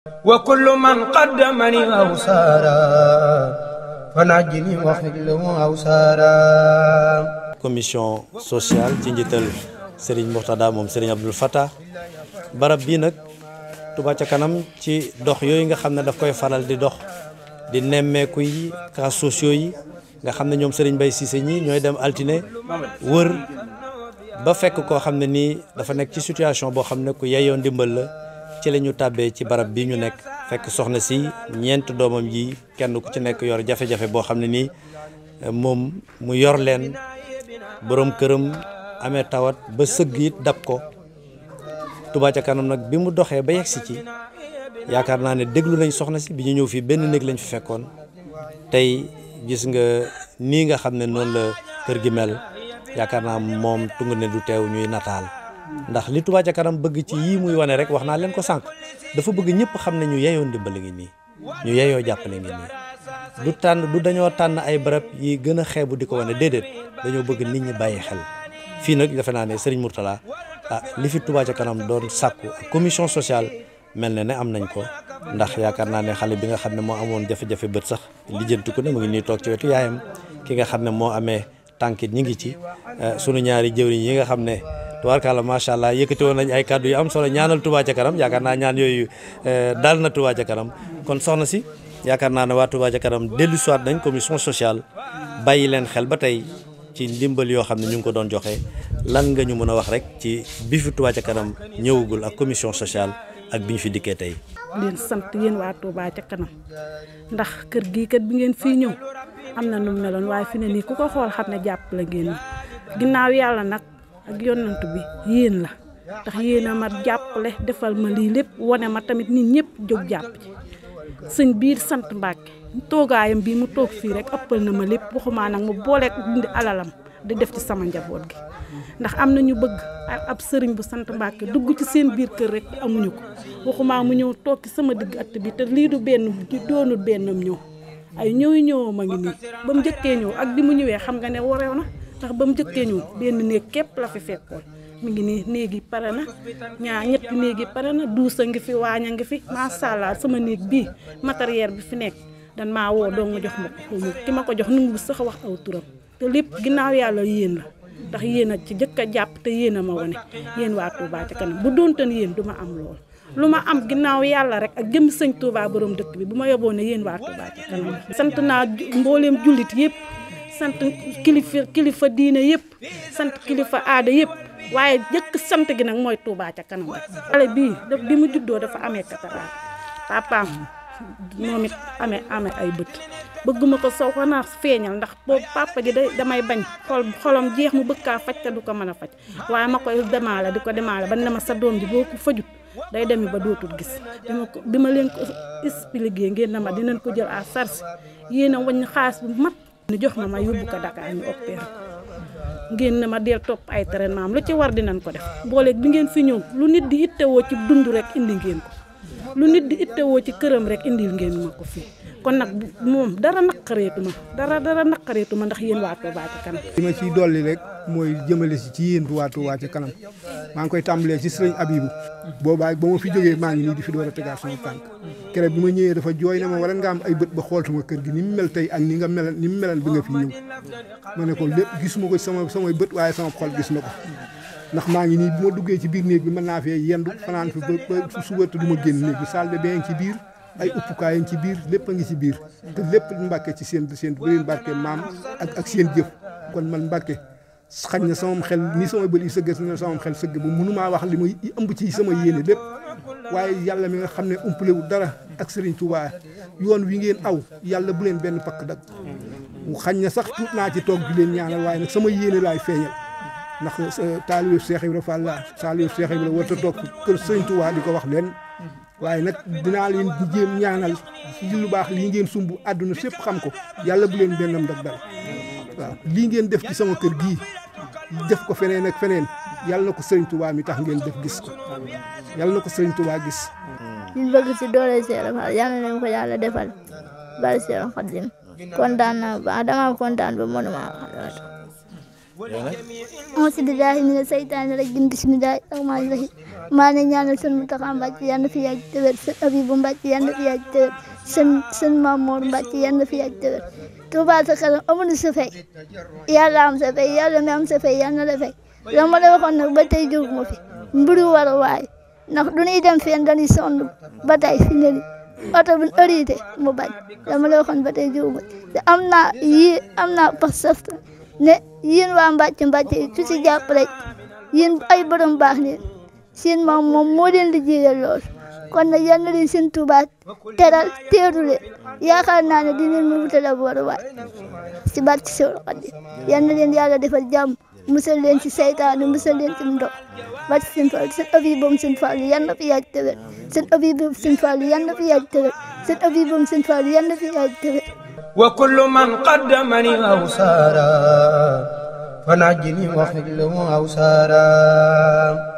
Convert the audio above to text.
waa من قدمني أوسارا fanajini waxit la aw saara commission sociale ci njiital sëriñ Mourtada moom Serigne Abdoul Fattah barab bii nag Touba ca kanam ci dox yooyu nga xam ne daf koy faral di dox di nemmeeku yi cas sociaux yi nga xam ne ñoom Serigne Mbaye Cissé ñi ñooy dem altine wër ba fekk koo xam ne nii dafa nekk ci situation boo xam ne ku yeyoon dimbal la ci la ñu tàbbee ci barab bi ñu nekk fekk soxna si ñeent doomam yi kenn ku ci nekk yor jafe-jafe boo xam ne nii moom mu yor leen boroom këram amee tawat ba sëgg it dab ko Touba kanam nag bi mu doxee ba yegsi ci yaakaar naa ne déglu nañ soxna si bi ñu ñëw fii benn néeg lañ fi fekkoon tey gis nga nii nga xam ne noonu la kër gi mel yaakaar naa moom tungu ne du teew ñuy nataal ndax li Touba ca kanam bëgg ci yii muy wane rek wax naa leen ko sànq dafa bëgg ñëpp xam ne ñu yeyoo ba ngi nii ñu yeyoo jàppale ngi nii du tànn du dañoo tànn ay barab yi gën a xeebu di ko wane déedéet dañoo bëgg nit ñi bàyyi xel fii nag defe naa ne Serigne Mourtala ah li fi Touba ca kanam doon sàkku commission sociale mel na ne am nañ ko ndax yaakaar naa ne xale bi nga xam ne moo amoon jafe bët sax lijjanti ko ne mu ngi toog ci wetu yaayam ki nga xam ne moo amee tànkit ñi ngi ci eh, sunu ñaari jëwriñ yi nga xam ne tubaarkàlla macha allah yëkkati woon nañ ay kàddu yu am solo ñaanal Touba ca kanam yaakaar naa ñaan yooyu eh, daal na Touba ca kanam kon soxna si yaakaar naa ne waa Touba ca kanam dellu siwaat nañ commission sociale bàyyi leen xel ba tey ci ndimbal yoo xam ne ñu ngi ko doon joxe lan nga ñu mën a wax rek ci bi fi Touba kanam ñëwagul ak commission sociale ak bi ñu fi dikkee tey. leen sant yéen waa Touba ca kanam ndax kër gi kët bi ngeen fii ñëw am na nu meloon waaye ko xool xam jàpp la ngeen ak yonant bi yéen la ndax yéen a ma jàppale defal ma lii lépp wane ma tamit nit ñëpp jóg jàpp ci biir sant Mbàkke toogaayam bii mu toog fii rek ëppal na ma lépp waxumaa nag mu booleeg dindi alalam di def ci sama njaboot gi ndax am na ñu bëgg ab sëriñ bu sant Mbàkke dugg ci seen biir kër rek amuñu ko waxumaa mu ñëw toog ci sama digg ëtt bi te lii du benn doonul bennam ñëw ay ñëw ñëwam a ngi nii ba mu njëkkee ñëw ak bi mu ñëwee xam nga ne warew na ndax ba mu njëkkee ñëw benn néeg képp la fi fekkoon mu ngi nii néeg yi pare na ñaa ñetti néeg yi pare na a ngi fi waañ a ngi fi macha allah sama néeg bii matériel bi fi nekk dan maa woo doo ma jox ma ko ki ma ko jox nu mu sax wax aw turam te lépp ginnaaw yàlla yéen la ndax yéen a ci jëkk a jàpp te yéen a ma wone yéen waa Touba ca kanam bu doontan yéen du ma am lool. lu ma am ginnaaw yàlla rek ak jëm sëñ Touba borom dëkk bi bu ma yoboo ne yéen waa Touba ca kanam sant naa yëpp. sant kilifa kilifa diina yëpp sant kilifa aada yëpp waaye jëkk sant gi nag mooy Touba ca kanam rek. xale bii bi mu juddoo dafa amee cataracte papaam moom it amee amee ay bët bëgguma ko sow xanaa feeñal ndax boobu papa ji damay bañ xol xolam jeex mu bëgg kaa faj te du ko mën a faj waaye ma koy demaale di ko demaale ba ne ma sa doom ji boo ko fajut day dem ba dootul gis bi ma ko bi ma leen ko expliqué ngeen na ma dinañ ko jël à charge yéen a wàññi xaalis mat. ñu jox ma ma yóbbu ko Dakar ñu opéré ngeen ne ma deel topp ay traitement am lu ci war dinañ ko def booleeg bi ngeen fi ñëw lu nit di ittewoo ci dund rek indi ngeen ko lu nit di ittewoo ci këram rek indi ngeen ma ko fii kon nag moom dara naqareetu ma dara dara naqareetu ma ndax yéen waa Touba a kanam. ma ciy dolli rek mooy jëmale si ci yéen waa ca kanam maa ngi koy tàmbalee ci sëriñ Abibu boobaay ba ma fi jógee maa ngi nii di fi door a tegaat sama tànk kere bi ma ñëwee dafa jooy na ma wala nga am ay bët ba xooltuma kër gi ni mu mel tey ak ni nga mel ni mu melan bi nga fi ñëw ma ne ko lépp gisuma ko sama samay bët waaye sama xol gis na ko ndax maa ngi nii bu ma duggee ci biir néeg bi mën naa fee yendu fanaan fi ba suba te du ma génn néeg bi salle de bain ci biir ay uppukaay yi ci biir lépp a ngi ci biir te lépp lu mbàkke ci seen seen bu leen mbàkke maam ak ak seen jëf kon man mbàkke xañ na sama xel ni sama bëri yu sëgg xel sëgg ba mënumaa wax li muy ëmb ci sama yéene lépp waaye yàlla mi nga xam ne umpalewul dara ak Serigne Touba yoon wi ngeen aw yàlla bu leen benn pakk dak xañ na sax tuut naa ci toog di leen ñaanal waaye nag sama yéene laay feeñal ndax eh, taalibu Cheikh Ibrahima Fall la taalibu Cheikh Ibrahima war a toog kër Sëñ di ko wax leen waaye nag dinaa leen di jéem ñaanal ci lu baax lii ngeen sumb àdduna sépp xam ko yàlla bu leen bennam ndag dal lii ngeen def ci sama kër gii def ko feneen ak feneen yàlla na ko Sëñ Tuubaa mi tax ngeen def gis ko yàlla na ko Sëñ Tuubaa gis. ñu bëgg ci doole Cheikh Ibrahima yàlla nañ ko yàlla defal bari Cheikh Khadim kontaan naa ba dama kontaan ba mënuma wax auzu billaahi mina seytaani rajiim bismillaahi rahmaani rahiim maa ngi ñaanal seen Muntaxa Mbàcke yal na fi yàgg te wér seen Abibu Mbàcke yal na fi yàgg te wér seen Mamoor Mbàcke yal fi yàgg te wér Tuubaa sa kanam amul sa fay yàlla am sa fay yàlla mi am sa fay yal na la fay la ma la waxoon nag ba tey jóg ma fi mbiru war a waay ndax du ñuy dem fenn dañuy sonn ba tey fi ne nii oto bu ërité mu bañ dama la waxoon ba tey jóg ma te am naa yii am naa pas ne yéen waa Mbàcce Mbàcce yi ci si jàpp rek yéen ay borom baax leen seen moom moo leen liggéeyal lool kon nag yal na leen seen Tuubaa teral teeru leen yaakaar naa ne dinañ mu wutal a boor waay si barke Sëriñ Xaadim yal na leen yàlla defal jàmm musal leen ci seytaane musal leen ci ndox barke seen Fall seen abi boom seen Fall yal na fi yàgg tëwét seen abi boom seen Fall yal na fi وكل من قدمني أوسارا فنجني وخله أوسارا